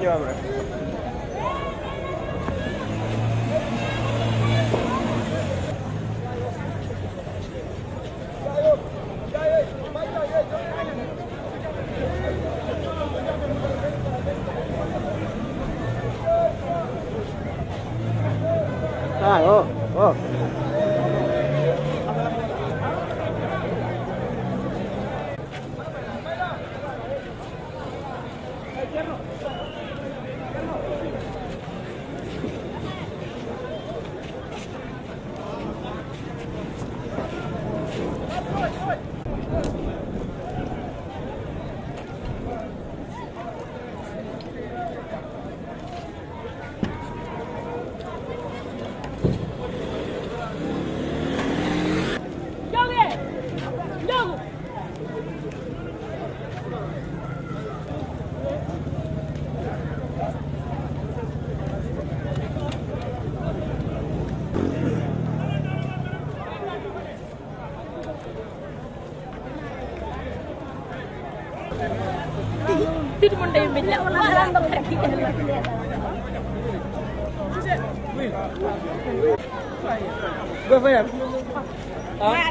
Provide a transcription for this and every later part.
নিও আমরা Ah, oh, oh. Fit mun day mbiñ la wala nga rek ci jël Go fa yar. Ah.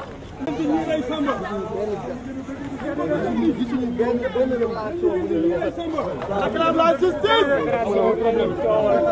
Réclame la justice. Voilà.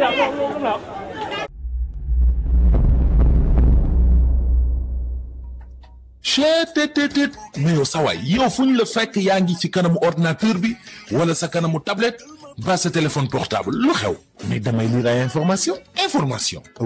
không lọc không luôn không yow sa waay yow fu ñu la fekk yaa ngi ci kanamu ordinateur bi wala sa kanamu tablette ba sa téléphone portable lu xew mais damay lire information information